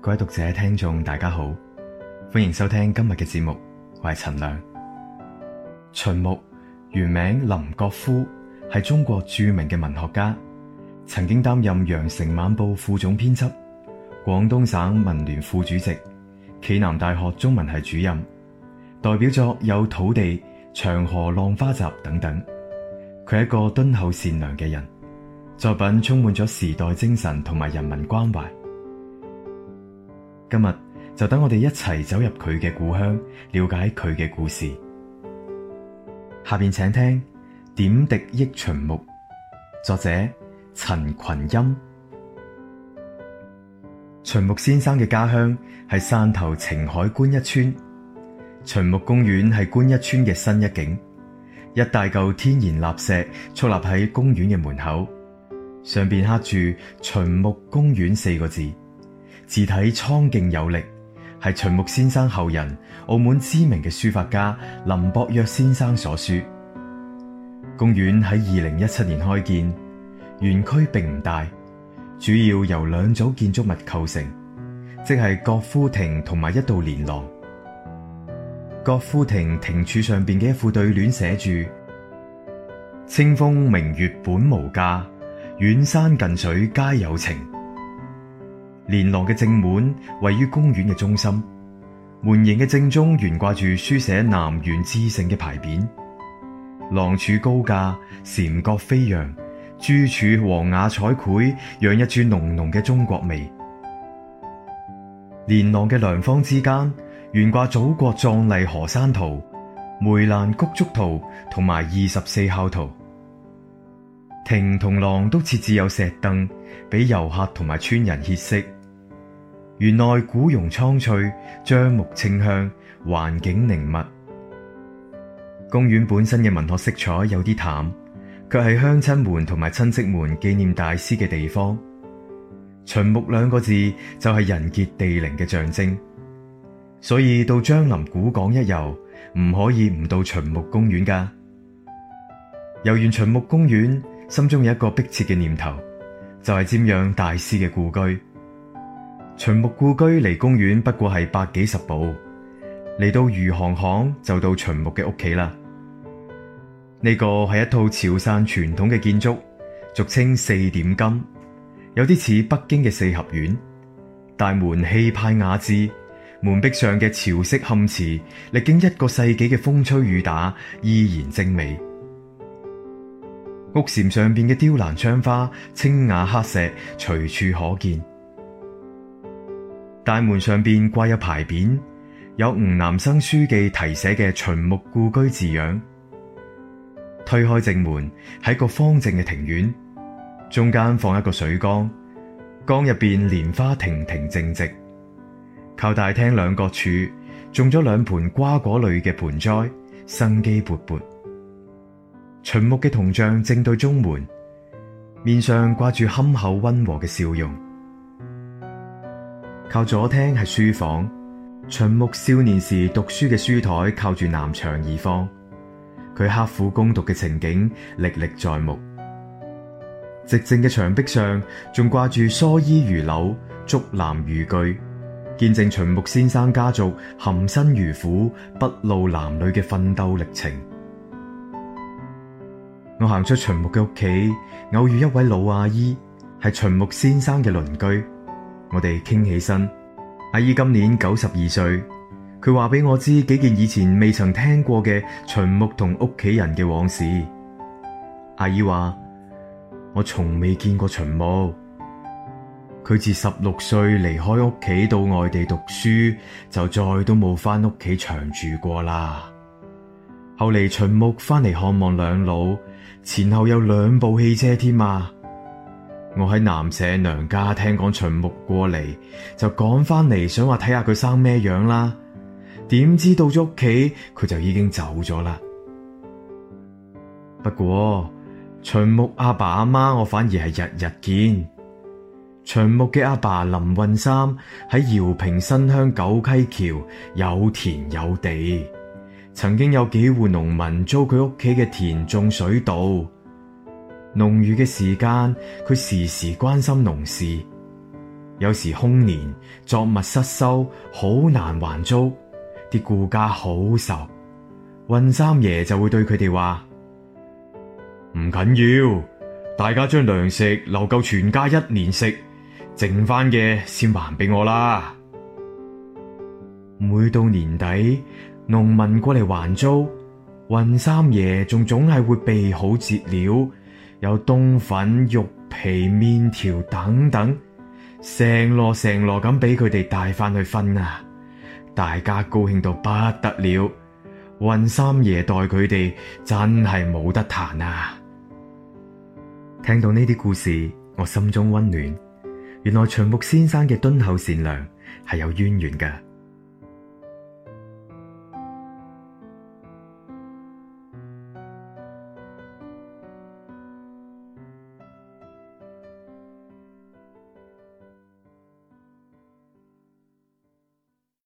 各位讀者、聽眾，大家好，歡迎收聽今日嘅節目，我係陳亮。秦牧原名林覺夫，係中國著名嘅文學家，曾經擔任《羊城晚報》副總編輯、廣東省文聯副主席、暨南大學中文系主任，代表作有《土地》《長河》《浪花集》等等。佢係一個敦厚善良嘅人，作品充滿咗時代精神同埋人民關懷。今日就等我哋一齊走入佢嘅故鄉，了解佢嘅故事。下邊請聽《點滴憶秦牧》，作者陳群音。秦牧先生嘅家鄉係汕頭澄海觀一村，秦牧公園係觀一村嘅新一景。一大舊天然立石矗立喺公園嘅門口，上邊刻住“秦牧公園”四個字。字體蒼勁有力，係秦牧先生後人、澳門知名嘅書法家林伯約先生所書。公園喺二零一七年開建，園區並唔大，主要由兩組建築物構成，即係郭夫亭同埋一道連廊。郭夫亭亭柱上邊嘅一副對聯寫住：清風明月本無價，遠山近水皆有情。連廊嘅正門位於公園嘅中心，門形嘅正中懸掛住書寫南園之盛嘅牌匾。廊柱高架，檐角飛揚，朱柱黃瓦彩繪，讓一串濃濃嘅中國味。連廊嘅兩方之間懸掛祖國壯麗河山圖、梅蘭菊竹圖同埋二十四孝圖。亭同廊都設置有石凳，俾遊客同埋村人歇息。園內古榕蒼翠，樟木清香，環境寧密。公園本身嘅文學色彩有啲淡，卻係鄉親們同埋親戚們紀念大師嘅地方。秦牧兩個字就係人傑地靈嘅象徵，所以到樟林古港一遊，唔可以唔到秦牧公園噶。遊完秦牧公園，心中有一個迫切嘅念頭，就係瞻仰大師嘅故居。秦牧故居離公園不過係百幾十步，嚟到余杭巷就到秦牧嘅屋企啦。呢個係一套潮汕傳統嘅建築，俗稱四點金，有啲似北京嘅四合院。大門氣派雅致，門壁上嘅潮式嵌瓷，歷經一個世紀嘅風吹雨打，依然精美。屋檐上邊嘅雕欄窗花、青瓦黑石，隨處可見。大門上邊掛有牌匾，有吳南生書記題寫嘅“秦牧故居”字樣。推開正門，喺個方正嘅庭院，中間放一個水缸，缸入邊蓮花亭亭淨植。靠大廳兩角處種咗兩盆瓜果類嘅盆栽，生機勃勃。秦牧嘅銅像正對中門，面上掛住憨厚溫和嘅笑容。靠左廳係書房，秦牧少年時讀書嘅書台靠住南牆而放，佢刻苦攻讀嘅情景歷歷在目。寂靜嘅牆壁上仲掛住蓑衣如柳、竹籃如具，見證秦牧先生家族含辛茹苦、不露男女嘅奮鬥歷程。我行出秦牧嘅屋企，偶遇一位老阿姨，係秦牧先生嘅鄰居。我哋傾起身，阿姨今年九十二歲，佢話畀我知幾件以前未曾聽過嘅秦牧同屋企人嘅往事。阿姨話：我從未見過秦牧，佢自十六歲離開屋企到外地讀書，就再都冇返屋企長住過啦。後嚟秦牧返嚟看望兩老，前後有兩部汽車添啊！我喺南社娘家聽講秦牧過嚟，就趕翻嚟想話睇下佢生咩樣啦。點知到咗屋企，佢就已經走咗啦。不過秦牧阿爸阿媽，我反而係日日見。秦牧嘅阿爸林運三喺饒平新鄉九溪橋有田有地，曾經有幾戶農民租佢屋企嘅田種水稻。濃雨嘅時間，佢時時關心農事。有時空年作物失收，好難還租，啲顧家好愁。云三爺就會對佢哋話：唔緊要，大家將糧食留夠全家一年食，剩返嘅先還俾我啦。每到年底，農民過嚟還租，云三爺仲總係會備好節料。有冬粉、肉皮、麵條等等，成籮成籮咁俾佢哋帶翻去分啊！大家高興到不得了，運三爺待佢哋真係冇得談啊！聽到呢啲故事，我心中温暖，原來秦牧先生嘅敦厚善良係有淵源噶。